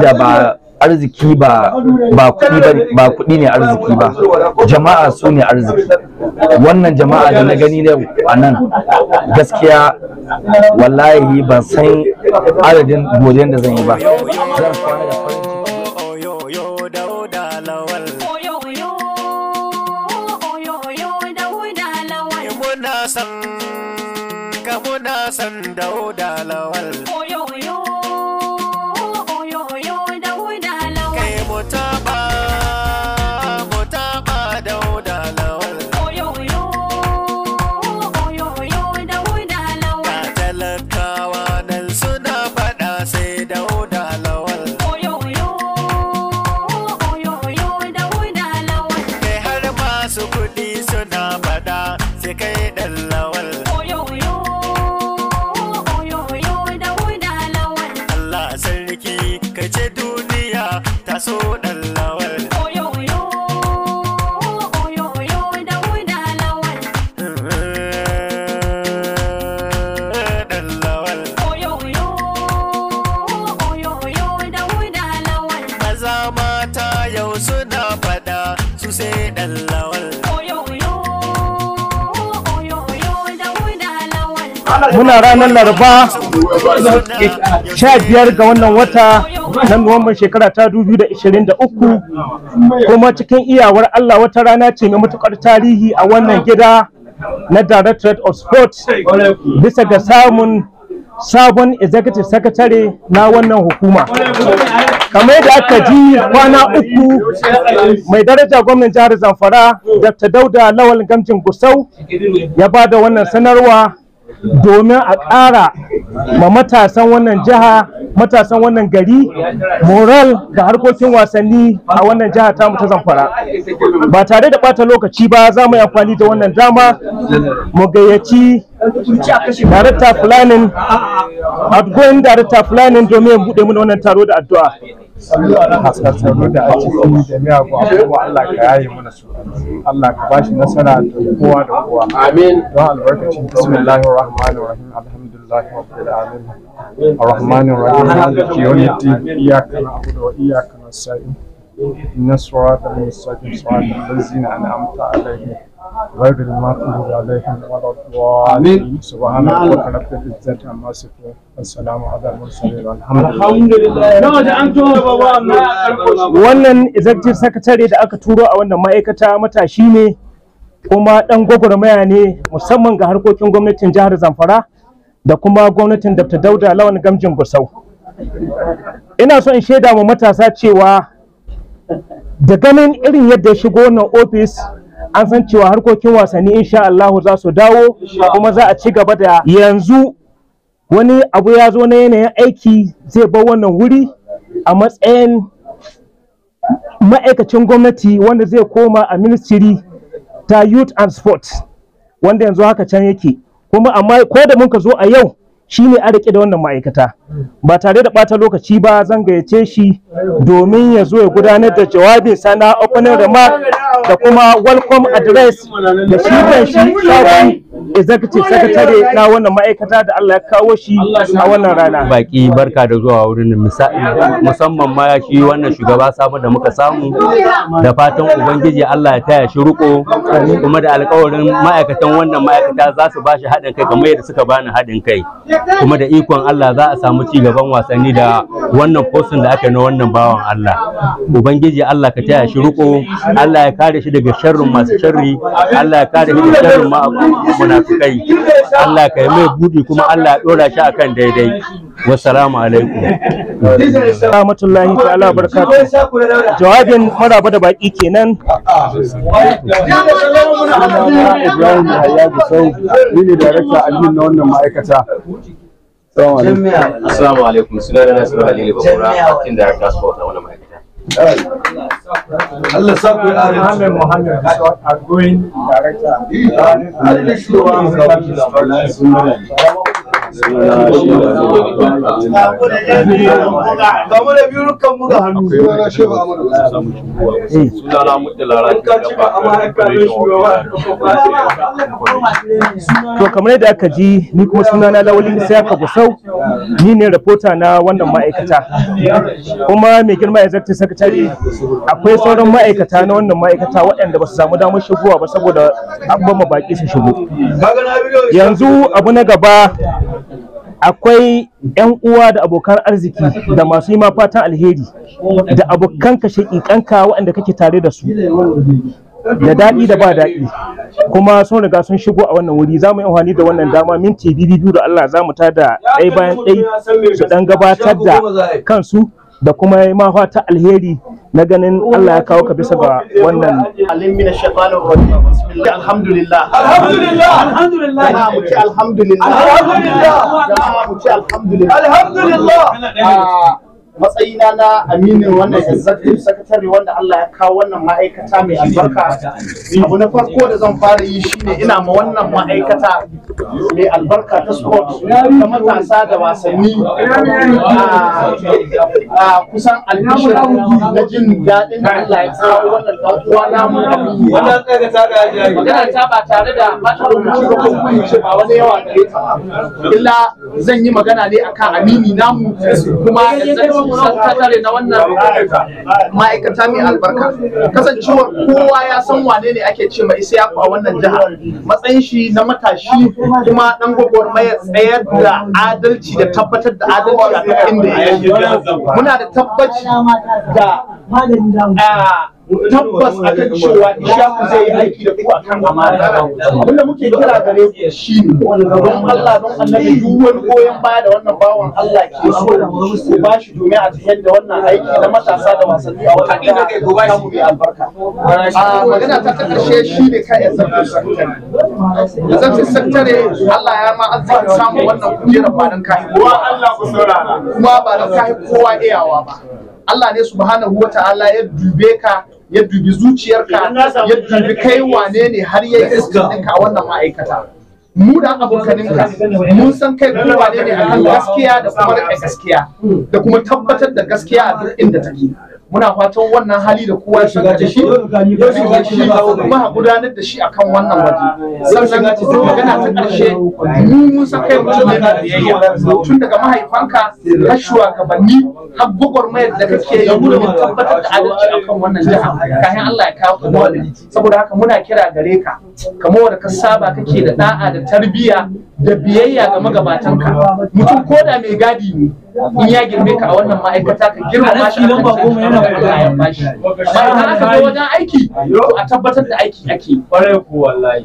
da ba arziki ba ba kuɗi ba kuɗi ne arziki ba jama'a su ne arziki wannan jama'a da na gani ne a nan gaskiya wallahi ban san adadin godiyar da zan yi ba zan muna ranar laraba sha biyar ga wannan wata na nuwamban shekara ta dubu da ishirin da uku kuma cikin iyawar allah wata rana ce mai matukar tarihi a wannan gida na directorate of sports bisa ga samun sabon executive secretary na wannan hukuma kamar yadda aka ji kwana uku mai daraja gwamnan jihar zamfara dr dauda lawal gamjin gusau ya ba da wannan sanarwa domin a ƙara ma matasan wannan jiha matasan wannan gari moral da harkokin wasanni a wannan jiha ta mu ta zamfara ba tare da ɓata lokaci ba za mu yi amfani da wannan dama mu gayyaci darakta fulanin outgoing darakta fulanin domin ya buɗe mana wannan taro da addu'a wannan hasasarru da a cikin da miyagun abubuwa Allah ka yaye mana su Allah ka bashi nasara da kowa da kowa amin don albarkacin bismillahir rahmanir rahim alhamdulillahi rabbil alamin arrahmanir rahim maliki yawmiddin iyyaka na'budu wa iyyaka nasta'in إن الصراط المستقيم صراط الذين أنعمت عليهم عليهم ولا سبحانك على المرسلين لله wannan executive Sakatare da aka turo a wannan ma'aikata matashi ne kuma dan gwagwarmaya ne musamman ga harkokin gwamnatin jihar Zamfara da kuma gwamnatin Dr. Dauda Lawan Gamjin Gusau ina so in shaida wa matasa cewa da ganin irin yadda ya shigo wannan office an san cewa harkokin wasanni insha Allah za su dawo kuma za a ci gaba da yanzu wani abu ya zo na yanayin aiki zai bar wannan wuri a matsayin ma'aikacin gwamnati wanda zai koma a ministry ta youth and sport wanda yanzu haka can yake kuma amma ko da muka zo a yau shi ne a rike da wannan ma'aikata ba tare da ɓata lokaci ba zan gayyace shi domin ya zo ya gudanar da jawabinsa na opening remark da kuma welcome address da shi kan shi shafi executive secretary na wannan ma'aikata da Allah ya kawo shi a wannan rana baki barka da zuwa wurin musamman ma shi wannan shugaba samu da muka samu da fatan ubangiji Allah ya taya shi riko kuma da alƙawarin ma'aikatan wannan ma'aikata za su ba shi haɗin kai kamar yadda suka bani haɗin kai kuma da ikon Allah za a samu ci gaban wasanni da wannan postin da aka yi na wannan bawan Allah ubangiji Allah ka taya shi riko Allah ya kare shi daga sharrin masu sharri Allah ya kare shi daga sharrin munafikai Allah ka yi mai budi kuma Allah ya dora shi akan daidai wassalamu alaikum rahmatullahi ta'ala barakatuh jawabin maraba da baki kenan Ibrahim Yahya Gusau ni ne director admin na wannan ma'aikata Assalamu alaikum. Assalamu alaikum. Sunana Nasiru Halilu Bakura, Acting Director Sport na wannan ma'aikata. Allah sa ku are Muhammad Muhammad outgoing director. To kamar yadda aka ji ni kuma suna na Lawali sai ka Gusau ni ne reporter na wannan ma'aikata. Kuma mai girma ya zarta sakatare akwai sauran ma'aikata na wannan ma'aikata waɗanda ba su samu damar shigowa ba saboda an bama baƙi su shigo. Yanzu abu na gaba akwai 'yan uwa da abokan arziki da masu yi ma fatan alheri da abokan abokanka ƙanka waɗanda kake tare da su da daɗi da ba daɗi kuma sun riga sun shigo a wannan wuri za mu yi amfani da wannan dama minti biyu da Allah za mu tada ɗaya bayan ɗai su ɗan gabatar da kansu da kuma yi ma fata alheri na ganin Allah ya kawo ka bisa ga wannan alim min ash alhamdulillah alhamdulillah alhamdulillah jama'a mu alhamdulillah alhamdulillah jama'a mu ci alhamdulillah alhamdulillah matsayina na aminin wannan executive secretary wanda Allah ya kawo wannan ma'aikata mai albarka abu na farko da zan fara yi shine ina ma wannan ma'aikata mai albarka ta sport ta matasa da wasanni a kusan albishir na jin daɗin Allah ya kawo wannan ɗan na mu wannan kaga ta ga jaji magana ta ba tare da ba ce ba wani yawa gare ta illa zan yi magana ne akan amini namu kuma sakatare na wannan ma'aikata mai albarka kasancewar kowa ya san wane ne ake ce mai isa a wannan jiha matsayin shi na matashi kuma dan gwagwarmaya tsayar da adalci da tabbatar da adalci a duk inda ya muna da tabbaci da eh, tabbas akan cewa ishaku zai yi aiki da ku akan amana abinda muke kira gare ku shine don Allah don annabi duk wani goyon baya da wannan bawan Allah ke so ku ba shi domin a tafiyar da wannan aiki na matasa da wasanni a wata kasa ta mu bi albarka a magana ta karshe shine ka ya zanta sakatare ya zanta sakatare Allah ya ma azzaka samu wannan kujerar ba dan kai kowa Allah ku saurara kuma ba dan kai kowa iyawa ba Allah ne subhanahu wa ta'ala ya dube ka ya dubi zuciyarka ya dubi kai wane ne har ya yi ɗinka a wannan ma'aikata mu da abokaninka mun san kai ko wane ne akan gaskiya da kuma gaskiya da kuma tabbatar da gaskiya a duk inda take muna fatan wannan hali da kowa ya shiga ciki shi ya shiga ciki kuma a gudanar da shi akan wannan waje sannan magana ta ƙarshe mu mun kai mutum yana biyayya tun daga mahaifanka har shugabanni har mayar da kake ya yi mu tabbatar da adalci akan wannan jiha kafin Allah ya kawo kuma wani saboda haka muna kira gare ka kamar wanda ka saba kake da da'a da tarbiyya da biyayya ga magabatanka mutum koda mai gadi ne in ya girme ka a wannan ma'aikata ka girma shi a kan shi yana kayan bashi amma idan aka zo wajen aiki a tabbatar da aiki ake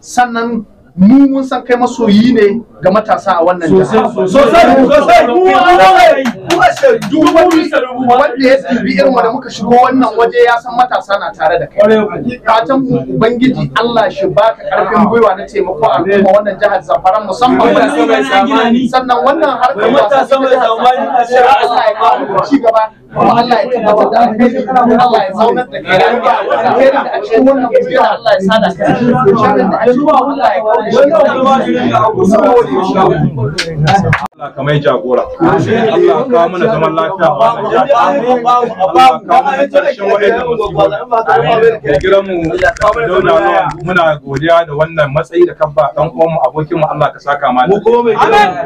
sannan mu mun san kai masoyi ne ga matasa a wannan jiha sosai sosai mu a shaidu wanda ya tsibi irin wanda muka shigo wannan waje ya san matasa na tare da kai fatan ubangiji Allah shi ka karfin gwiwa na taimako a kuma wannan jihar Zamfara musamman sannan wannan harkar matasa mai zamani Allah ya kawo ci gaba kuma Allah ya tabbatar da alheri Allah ya zaunar da kai alheri a cikin wannan kungiya Allah ya sada kai sharin da ake Allah ya kawo saboda Allah kamar jagora. Allah kawo mana zaman lafiya ba mu jaji. Allah kawo mana ƙarshen waɗanda musulmi. Kirkiran mu muna godiya da wannan matsayi da kabba ɗan uwanmu abokin mu Allah ka saka mana.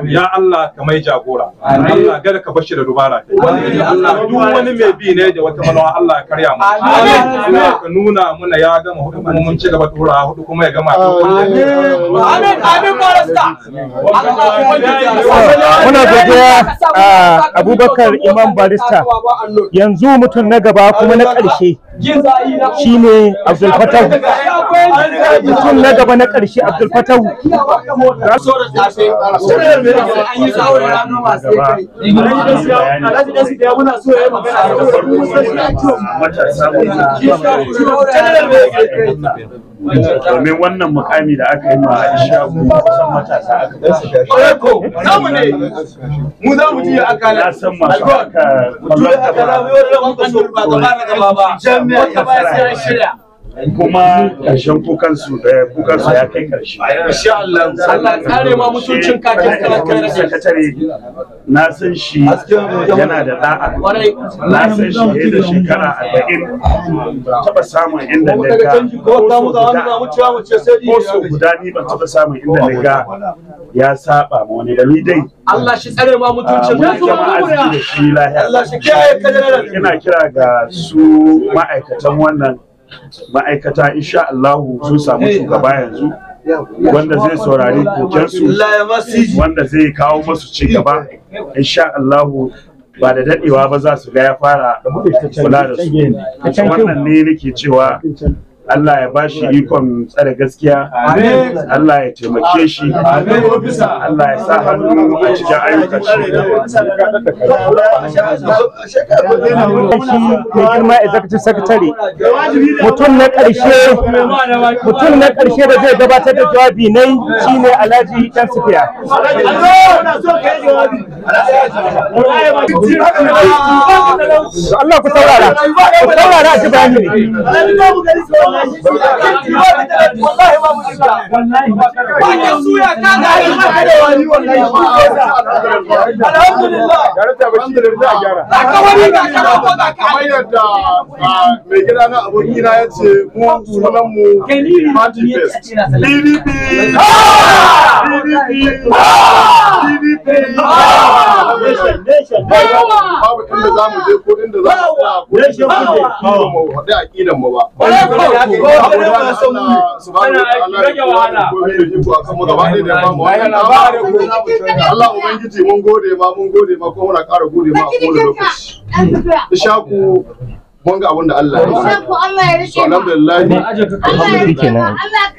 Ya Allah Allah ka bashi da dubara. Allah duk wani mai bi ne da wata malawa Allah ya karya mu. Allah ka nuna muna ya gama hudu kuma mun ci gaba tura hudu kuma ya gama. Amin. Amin. Amin. muna godiya a ah, abubakar imam barista yanzu mutum na gaba kuma na ƙarshe shi abdul fatahu mutum na gaba na ƙarshe abdul fatahu Thank you. domin wannan mukami da aka yi ma Aisha kusan matasa aka ba ko mu ne mu za mu ji aka na san ma aka kallon ba ba ba kuma ƙarshen su da su ya kai ƙarshe. Insha Allah. Allah kare ma mutuncin kakin da sakatare na san shi yana da da'a. Na san shi ya da shekara arba'in taɓa samun inda ne ga ko ta mu mu mu ciwa ce sai so guda ni ban taɓa samun inda ne ga ya saba ma wani da ni dai. Allah shi tsare ma mutuncin su ah, da kakin talakar. Allah shi kiyaye kajalar. Ina kira ga su ma'aikatan wannan ma'aikata insha Allahu sun samu shugaba yanzu wanda zai saurari kokensu wanda zai kawo masu ci gaba insha Allah ba da daɗewa ba za su ga ya fara kula da su wannan ne nake cewa Allah ya bashi ikon tsare gaskiya Allah ya taimake shi Allah ya sa hannu a cikin ayyukan shi girma executive secretary mutum na ƙarshe mutum na ƙarshe da zai gabatar da jawabi nai ne Alhaji Dan Sufiya Allah ku saurara ku saurara a ji bayani ne wallahi ba mu yi da alhamdulillah kamar yadda mai gida na abokina babu inda za je ko mu mu ba Allah ubangiji mun gode ma mun gode ma kuma muna ƙara gode ma a kowane lokaci Ishaku mun ga abin da Allah ya yi so alhamdulillah Allah ya rike na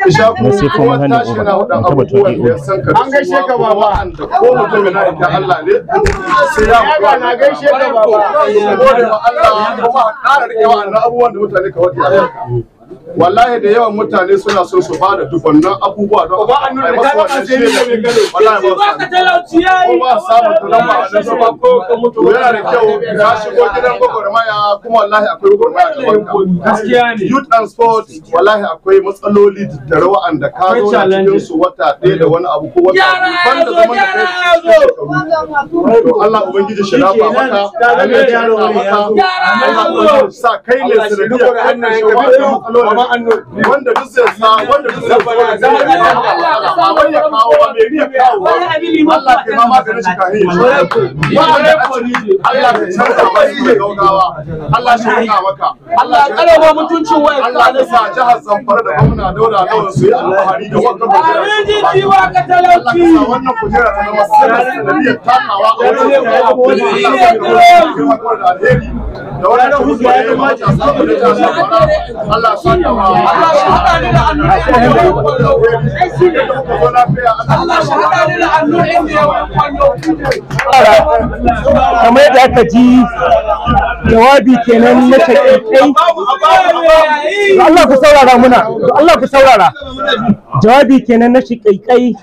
isha kuma sai kuma hana uba an taba toke uba an gaishe ka baba ko mutum yana da Allah ne sai ya ga na gaishe ka baba ko wa Allah kuma ƙara rike wa abubuwan da mutane ka wadi a wallahi da yawan mutane suna so su bada dubannan abubuwa don ba an nuna kai ba sai ne mai gado wallahi ba ka talauci yayi ba samu ba nan ba ko ka mutu yana da kyau ka shigo gidan gwagwarmaya kuma wallahi akwai gwagwarmaya da gaskiya ne youth and sport wallahi akwai matsaloli da da ka zo cikin su wata ɗaya da wani abu ko wata ban da zaman da kai to Allah ubangiji maka ya maka Allah sa kai ne shi jama'an nan wanda duk zai sa wanda duk zai fara da Allah ya kawo ba me ne kawo Allah ke ma maganin shi kai ba ne ko ni Allah ke canza ba shi ne gaugawa Allah shi ya maka Allah ya kare wa mutuncin waya Allah ya sa jihar Zamfara da gwamna Dauda Lawal su yi alfahari da wannan kujera Allah ka sa wannan kujera ta zama sanar da niyyar takawa a wajen da ya kawo da alheri da kamar yadda aka ji jawabi kenan na taƙaitai Allah ku saurara muna Allah ku saurara jawabi kenan na shiƙaiƙai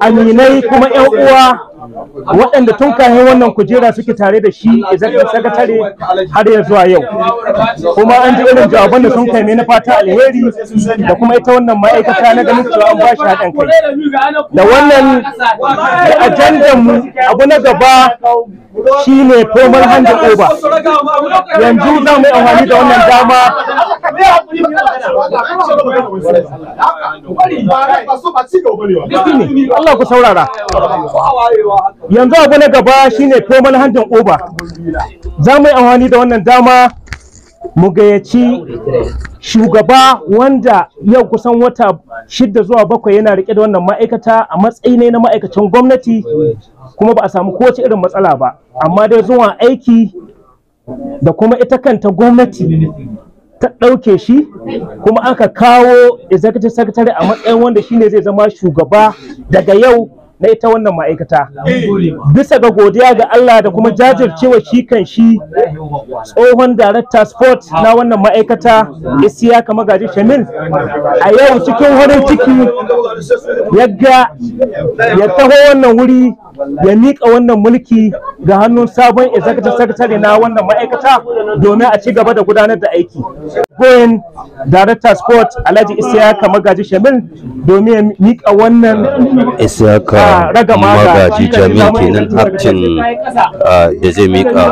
aminai kuma 'yan uwa waɗanda tun kayan wannan kujera suke tare da shi executive sakatare har ya zuwa yau kuma an ji irin jawaban da sun kai na fata alheri da kuma ita wannan ma'aikata na ganin cewa an bashi haɗin kai da wannan da ajandan mu abu na gaba shi ne komar hanga Oba, yanzu za mu yi amfani da wannan dama Allah ku saurara yanzu abu na gaba shine formal handin oba. za mu yi amfani da wannan dama mu gayyaci shugaba wanda yau kusan wata shida zuwa bakwai yana rike da wannan ma'aikata a matsayin ne na ma'aikacin gwamnati kuma ba a samu kowace irin matsala ba amma dai zuwa aiki da kuma ita kanta gwamnati ta ɗauke shi kuma aka kawo executive secretary a matsayin wanda shine zai zama shugaba daga yau na ita wannan ma'aikata eh. bisa ga godiya ga Allah da kuma jajircewa shi kan shi tsohon darakta sport na wannan ma'aikata isiya kama gaji shamil a yau cikin wurin ciki ya ga ya taho wannan wuri ya miƙa wannan mulki ga hannun sabon executive secretary na wannan ma'aikata domin a ci gaba da gudanar da aiki goyin director sport alhaji isiyaka magaji shamil domin ya miƙa wannan isiyaka ah, magaji jamil kenan acting ah, da zai miƙa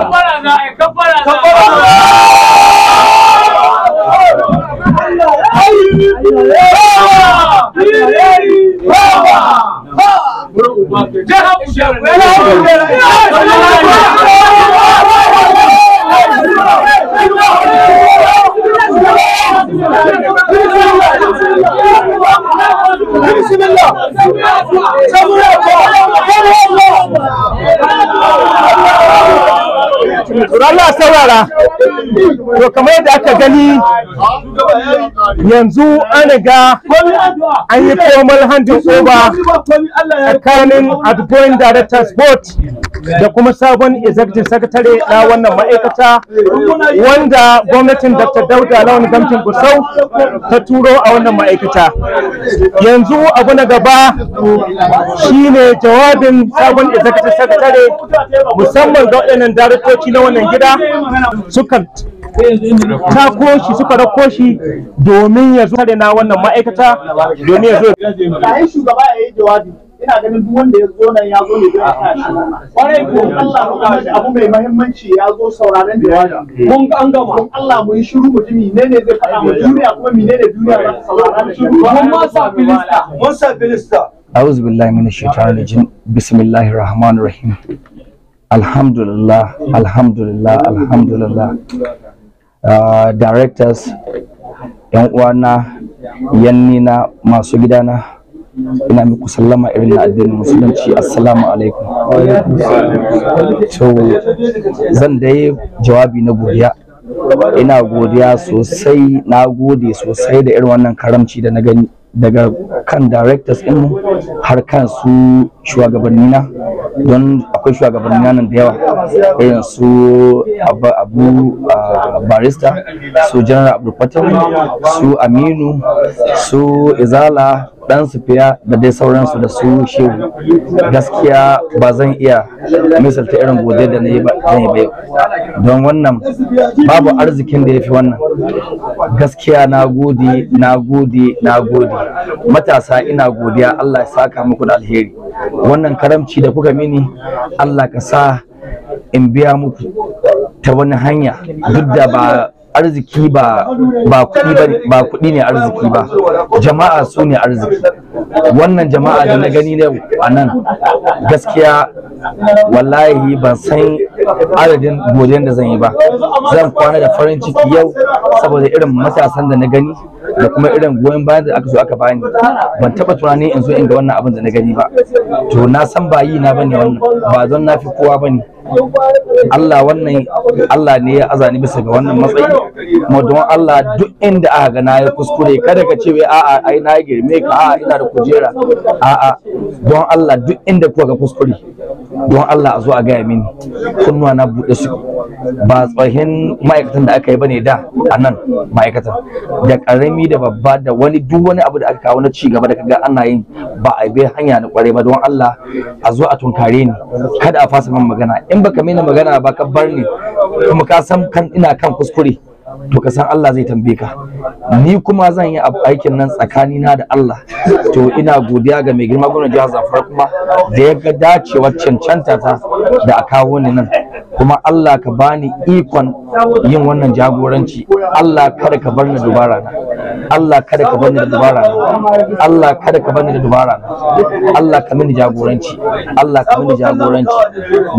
yara to kamar yadda aka gani yanzu an ga an yi formal handing over tsakanin outgoing directors board da kuma sabon executive secretary na wannan ma'aikata wanda gwamnatin dr dauda lawan gamtin gusau ta turo a wannan ma'aikata yanzu abu na gaba shine jawabin sabon executive secretary musamman ga waɗannan daraktoci na wannan gida suka ta shi suka shi domin ya zo na wannan ma'aikata domin ya zo yayin shugaba ya yi jawabi ina ganin duk wanda ya zo nan ya zo ne don ya shi kwarai ko Allah mu kawo abu mai muhimmanci ya zo sauraron da jawabi mun ga an gama mun Allah mu yi shiru mu ji menene zai faɗa mu duniya kuma menene duniya za ta saurara shiru mun ma sa filista mun sa filista أعوذ بالله من الشيطان الرجيم بسم الله الرحمن الرحيم الحمد لله الحمد لله الحمد لله uh, directors yan uwana yannina masu gidana ina muku sallama irin na addinin musulunci assalamu alaikum to zan dai jawabi na godiya ina godiya sosai na gode sosai da irin wannan karamci da na gani daga kan directors ɗinmu har kan su na. don akwai shugabanni nan da yawa irin su abu barista su general abdulfatar su aminu su izala dan sufiya da dai sauransu da su shehu gaskiya ba zan iya misalta irin godiya da na yi ba yau don wannan babu arzikin da yafi fi wannan gaskiya na gode na gode na gode matasa ina godiya Allah ya saka muku da alheri wannan karamci da kuka mini Allah ka sa in biya muku ta wani hanya duk da ba arziki ba ba kuɗi ba ba kuɗi ne arziki ba jama'a su ne arziki wannan jama'a da na gani yau a nan gaskiya wallahi ban san adadin godiyar da zan yi ba zan kwana da farin ciki yau saboda irin matasan da na gani da kuma irin goyon bayan da aka so aka bani ban taba tunanin in zo in ga wannan abin da na gani ba to na san ba yi na bane wannan ba zan na fi kowa bane Allah wannan Allah ne ya azani bisa ga wannan matsayi kuma don Allah duk inda aka ga na kuskure kada ka ce wai a'a ai na girme ka a'a ina da kujera a'a don Allah duk inda kuka ga kuskure don Allah a zo a gaya mini kunnuwa na buɗe su ba tsohin ma'aikatan da aka yi bane da a nan ma'aikatan da ƙarami da babba da wani duk wani abu da aka kawo na ci gaba da kaga ana yin ba a bi hanya na kware ba don Allah a zo a tunkare ni kada a fasa min magana in baka mena magana ba ka bar ni kuma ka san kan ina kan kuskure to ka san Allah zai tambaye ka ni kuma zan yi aikin nan tsakani na da Allah to ina godiya ga mai girma gwamnati jihar Zamfara kuma da ya ga dacewar cancanta ta da a kawo ni nan kuma Allah ka bani ikon yin wannan jagoranci Allah kada ka bar ni dubara na Allah kada ka bar ni da dubara na Allah kada ka bar ni da dubara na Allah ka mini jagoranci Allah ka mini jagoranci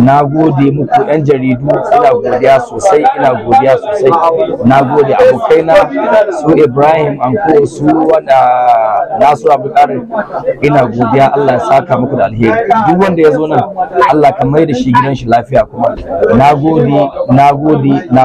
na gode muku yan jaridu ina godiya sosai ina godiya sosai na gode abokaina su Ibrahim ko su wada Nasu Abdulkarim ina godiya Allah ya saka muku da alheri duk wanda ya zo nan Allah ka mai da shi gidan shi lafiya kuma na gode na gode na